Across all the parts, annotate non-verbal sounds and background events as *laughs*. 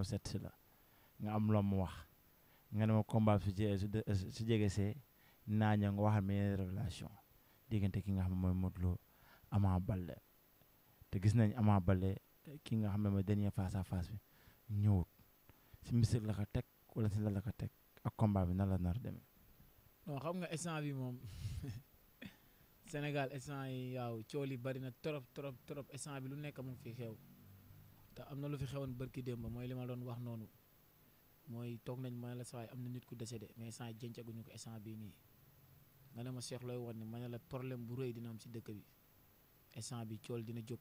ñëw seet si nga am loo mu wax nga ne ma combat su su jege see naa ñëw nga waxal révélation diggante ki nga xam ne mooy Modou Lo Ama te gis nañ Ama Baldé ki nga xam ne mooy dernier face à fas bi ñëwut si mystique la ko teg wala si la la ko teg ak combat bi nan la nar demee. bon nga instant moom *laughs* Sénégal instant yi waaw cool na trop trop trop instant lu nekk mu fi xew. te am na lu fi xewoon bërki démb mooy li ma doon wax noonu mooy toog nañ ma la sawaay am na nit ku décédé mais sant jëncaguñu ko instant bii nii nga ne ma Cheikh looy wan ne ma ne la problème bu rëy dina si dëkk bi instant bi cool dina jóg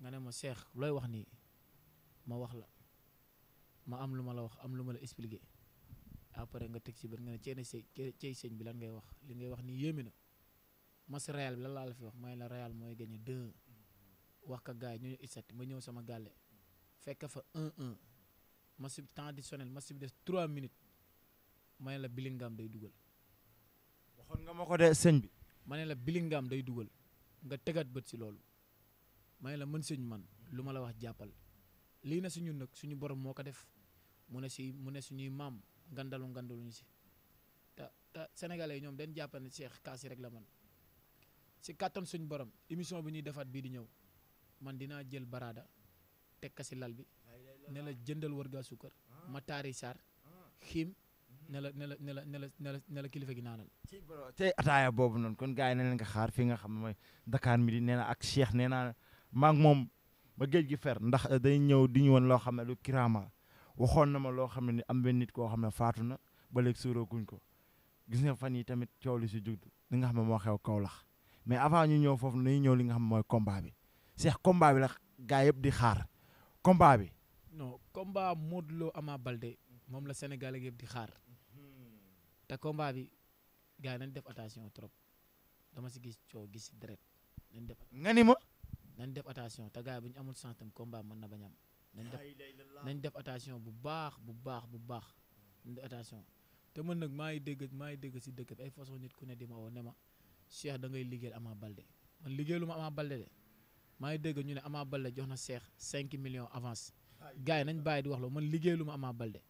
nga ma Cheikh looy wax nii ma wax la ma am lu ma la wax am lu ma la expliqué après nga teg ci bët nga ne ceene sëy cey sëñ bi lan ngay wax li ngay wax nii yéeme na mas Real bi lan laa la fi wax mooy la Real mooy gagné 2 wax ka gars yi ñu ñu ma ñëw sama gàlle fekk fa 1-1 match bi temps bi des 3 minutes ma ne la Bellingham day dugal. waxoon nga ma ko de sëñ bi. ma ne la Bellingham day dugal nga tegaat bët si loolu ma ne la mën sëñ man lu ma la wax jàppal lii na ñun nag suñu borom moo ko def mu ne si mu ne suñuy maam ngandalu ngandalu ñu si te te sénégalais yi ñoom dañ jàppal ne Cheikh Kaas rek la man si kattan suñu borom émission bi ñuy defaat bii di ñëw. man dinaa jël baraada teg ka si lal bi ne la jëndal warga suukar ma taari saar xiim ne la ne la ne la ne la ne la kilifa gi naanal. ci tey ataaya boobu noonu kon gaa yi ne leen nga xaar fii nga xam ne mooy Dakar Midi nee na ak Cheikh nee naa maa moom ba géej gi fer ndax day ñëw di ñu woon loo xam ne lu kiraama waxoon na ma loo xam ne am benn nit koo xam ne faatu na ba léegi suurooguñ ko gis nga fan yi tamit coow li si jug li nga xam ne moo xew Kaolack mais avant ñu ñëw foofu nañu ñëw li nga xam mooy combat bi. Cheikh combat bi la gaa yëpp di xaar combat bi. non combat Modou loo amaa balde moom la Sénégal yëpp di xaar mhm. te combat bi gaa yi nañ def attention trop dama si gis coow gis si deret nañ def. nga ni ma. nañ def attention te gaa yi bu ñu amul sens tam mën na bañ am. nañ def def attention bu baax bu baax bu baax nañ def attention te mën nag maa ngi dégg maa ngi dégg si dëkk bi ay façon nit ku ne di ma woo ne ma Cheikh da ngay liggéeyal Ama Baldé man liggéeyalu ma Ama Baldé maa ngi dégg ñu ne amaa Baldé jox na Cheikh cinq millions avance gars yi nañ bàyyi di wax loolu man liggéey lu ma Ama Baldé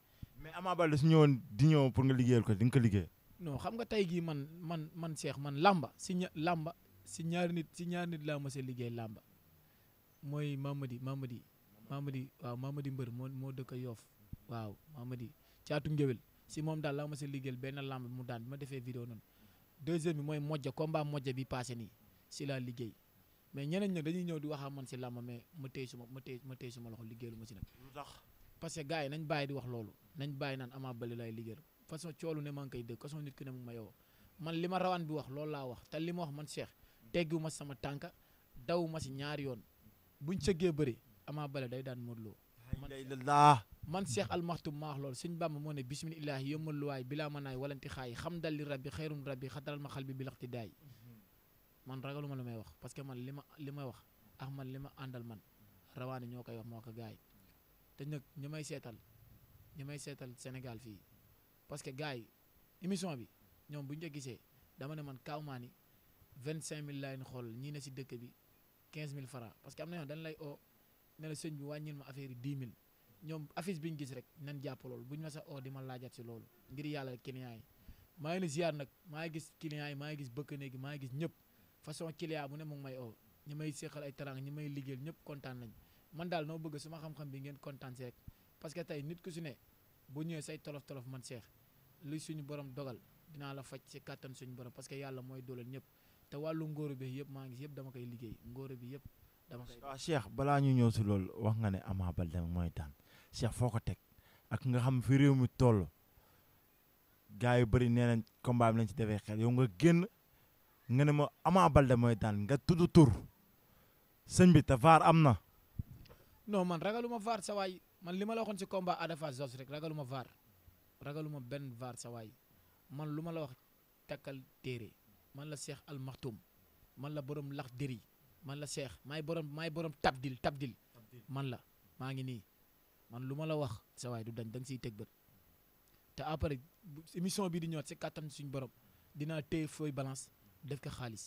mais Ama Baldé ñëwoon di ñëw pour nga liggéeyal ko di ko liggéey non xam nga tey gii man man man Cheikh man làmba si ña làmba si ñaari nit si ñaar nit laa mos a liggéey làmba mooy Mamadi Mamadi Mamadi waaw Mamadi Mbër moo moo dëkk Yoff waaw Mamadi caatu ngéwél si moom daal laa mos a liggéeyal benn làmb mu daan bi ma defee vidéo noonu deuxième bi mooy mojja combat mojja bi passé nii si laa liggéey mais ñeneen nag dañuy ñëw di wax man si làmb mais ma téye suma ma téye ma téye suma loxo liggéeyalu ma si nag. lu tax parce yi nañ bàyyi di wax loolu nañ bàyyi naan Ama Baldé lay liggéeyal façon coolu ne maa ngi koy dégg façon nit ki ne mu ma yow man li ma rawaan bi wax loolu laa wax te li ma wax man Cheikh teggu ma sama tànka daw ma si ñaari yoon buñ sëggee bëri Ama Baldé day daan Modou Lo man man Cheikh Almakhtoum maa wax loolu sëñ Bamba moo ne bisimilahi yëmmaluwaay bilaa ma naay walanti xam dal li rabbi xeyrum rabbi xataral ma xal bi bi laxti daay man ragaluma lu may wax parce que man li ma li may wax ak man li ma àndal man rawaani ñoo koy wax moo ko gaay yi te nag ñu may seetal ñu may seetal Sénégal fii parce que gars yi émission bi ñoom bu ñu ko gisee dama ne man Kaawmaani vingt cinq mille laay xool ñii ne si dëkk bi quinze mille francs parce que am na ñoo dañ lay oo ne sëñ bi wàññil ma affaire yi dix mille ñoom affiche bi ñu gis rek nan jàpp loolu bu ñu ma sa oo di ma laajat si loolu ngir yàlla client yi maa ngi ziar nag maa gis client yi maa gis bëkk néegi maa gis ñëpp façon client bu ne mu ngi may oo ñi may séqal ay tarang ñi may liggéeyal ñëpp kontaan nañ man daal noo bëgg suma xam-xam bi ngeen kontaan si rek parce que tey nit ku si ne bu ñëwee say tolof-tolof man seex li suñu borom dogal dinaa la faj si kàttan suñu borom parce que yàlla mooy dooleel ñëpp te wàllu ngóor bi yëpp maa ngi yëpp dama koy liggéey ngóor bi yëpp dama koy balaa ñu ñëw si loolu wax nga ne Ama Baldé mooy daan Cheikh foo ko teg ak nga xam fi réew mi toll gars yu bëri nee nañ combat bi ci defee xel yow nga génn nga ne ma Ama Baldé mooy daan nga tudd tur sëñ bi te vaar am na. non man ragaluma vaar sa waay man li ma la waxoon si combat Ada Fass Zoss rek ragaluma vaar ragaluma benn vaar sa man lu ma la wax takkal téere man la seex al maxtum man la borom lax dëri man la seex maay borom may borom tabdil tabdil man la maa ngi nii man lu ma la wax sa du dañ da si siy teg bët te après émission bi di ñëwaat si kàttan suñu borom dinaa téye fooy balance def ko xaalis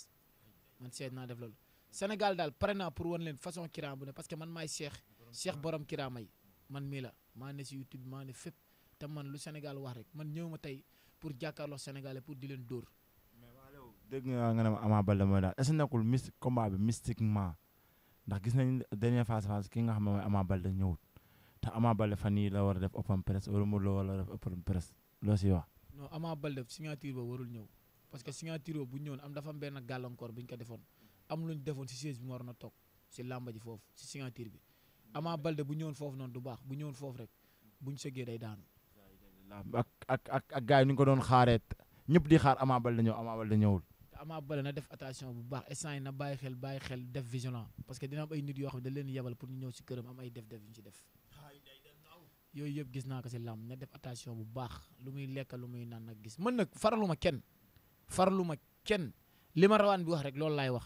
man seet naa def loolu Sénégal daal pare naa pour wan leen façon kiraam bu ne parce que man maay Cheikh Cheikh borom kiraama yi man mii la maa ne si YouTube maa ne fépp te man lu Sénégal wax rek man ñëw ma tey pour jàkkaarloo Sénégalais pour di leen dóor. mais waa yow dégg nga nga ne ma Ama Baldé mooy daal est ce que nekkul mystique combat ndax gis nañ dernière phase phase ki nga xam ne mooy ñëwut te Ama Baldé fan yii la war a def open press wala a def loo siy parce que signature bu ñëwoon am dafa am benn gàllankoor bu ñu ko defoon am lu ñu defoon si siège bi mu waroon a toog si bi Ama Baldé bu ñëwoon foofu noonu du baax bu ñëwoon foofu rek bu ñu sëggee day daanu. ak ak ak ak gars yi ni ñu ko doon xaaree ñëpp di xaar Ama Baldé ñëw Ama Baldé ñëwul. Ama Baldé na def attention bu baax instant na bàyyi xel bàyyi xel def vigilant parce que dina am ay yoo leen yebal pour ñu ñëw si këram am ay def-def yu ñu si def. yooyu yëpp gis naa ko si làmb na def attention bu baax lu muy lekk lu muy naan nag gis man nag faraluma kenn farlu ma kenn li ma rawaan bi wax rek loolu laay wax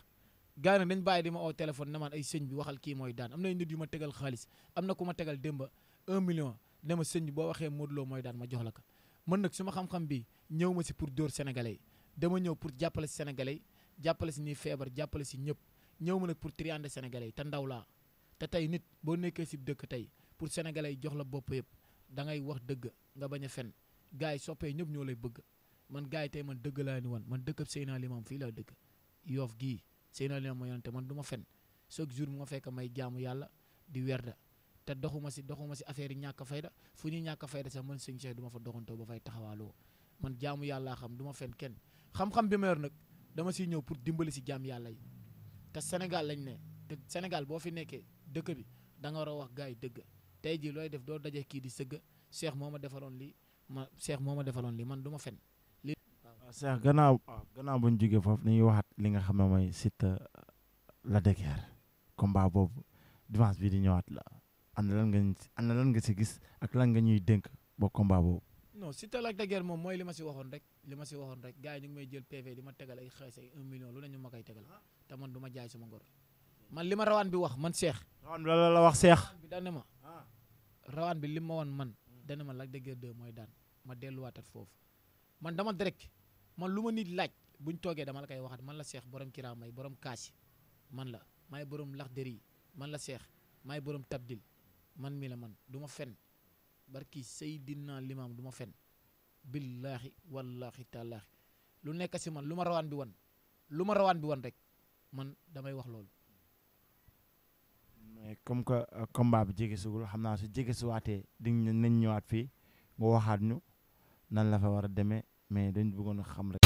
gars yi nag dañ bàyyi di ma oo téléphone ne maan ay sëñ bi waxal kii mooy daan am nay nit yu ma tegal xaalis am na ku ma tegal démba un million ne ma sëñ bi boo waxee Modou mooy daan ma jox la ko man nag su ma xam-xam bi ñëw ma si pour dóor sénégalais dama ñëw pour jàppale si sénégalais jàppale si ñuy feebar jàppale si ñëpp ñëw ma nag pour triande sénégalais yi te ndaw laa te tey nit boo nekkee si dëkk tey pour sénégalais jox la bopp yëpp da wax dëgg nga bañ a fen gars yi soppee ñëpp ñoo lay bëgg man gars yi tey man dëgg laa ni wan man dëkkab Seydina Limam fii laa dëkk yoof gii Seydina Limam ma yonante man duma fen chaque jour mu ma fekk may jaamu yàlla di werda te doxuma si doxuma si affaire yi ñàkk fayda fu ñu ñàkk fayda sax man sëñ Cheikh du ma fa doxantoo ba fay taxawaaloo man jaamu yàllaa xam du ma fen kenn xam-xam bi ma yor nag dama siy ñëw pour dimbali si jaam yàlla yi te Sénégal lañ ne te Sénégal boo fi nekkee dëkk bi da nga war a wax gars yi dëgg tey jii looy def doo daje kii di sëgg Cheikh moo ma defaloon lii ma Cheikh moo ma defaloon lii man du fen waaw Cheikh gannaaw gannaaw bu ñu jógee foofu dañuy waxaat li nga xam ne mooy Siteu la dëgër combat boobu dimanche bi di ñëwaat la ana lan nga ana lan nga si gis ak lan nga ñuy dénk ba combat boobu. non Siteu la dëgër moom mooy li ma si waxoon rek li ma si waxoon rek gars yi ñu ngi may jël PV di ma tegal ay xaalis ay 1 million lu ne ñu ma koy tegal te man du ma jaay sama ngor man li ma rawaan bi wax man Cheikh. rawaan bi la la wax Cheikh. bi daan na ma rawaan bi li ma woon man ma Lac de Guiers 2 mooy ma delluwaatat foofu man dama man lu ma nit laaj buñ toogee dama la koy waxat man la seex borom kiraamay borom kaasi man la maay borom lax dër yi man la seex maay borom tabdil man mii la man du ma fen barki Seydina Limaam duma ma fen billaahi wallaahi taalaahi lu nekk si man lu ma rawaan bi wan lu ma rawaan bi wan rek man damay wax loolu mais comme que euh, combat bi jegesiwul xam naa su jegesiwaatee di nañ ñëwaat fii nga waxaat ñu nan la fa war a demee mais dañ bëggoon a xam rek.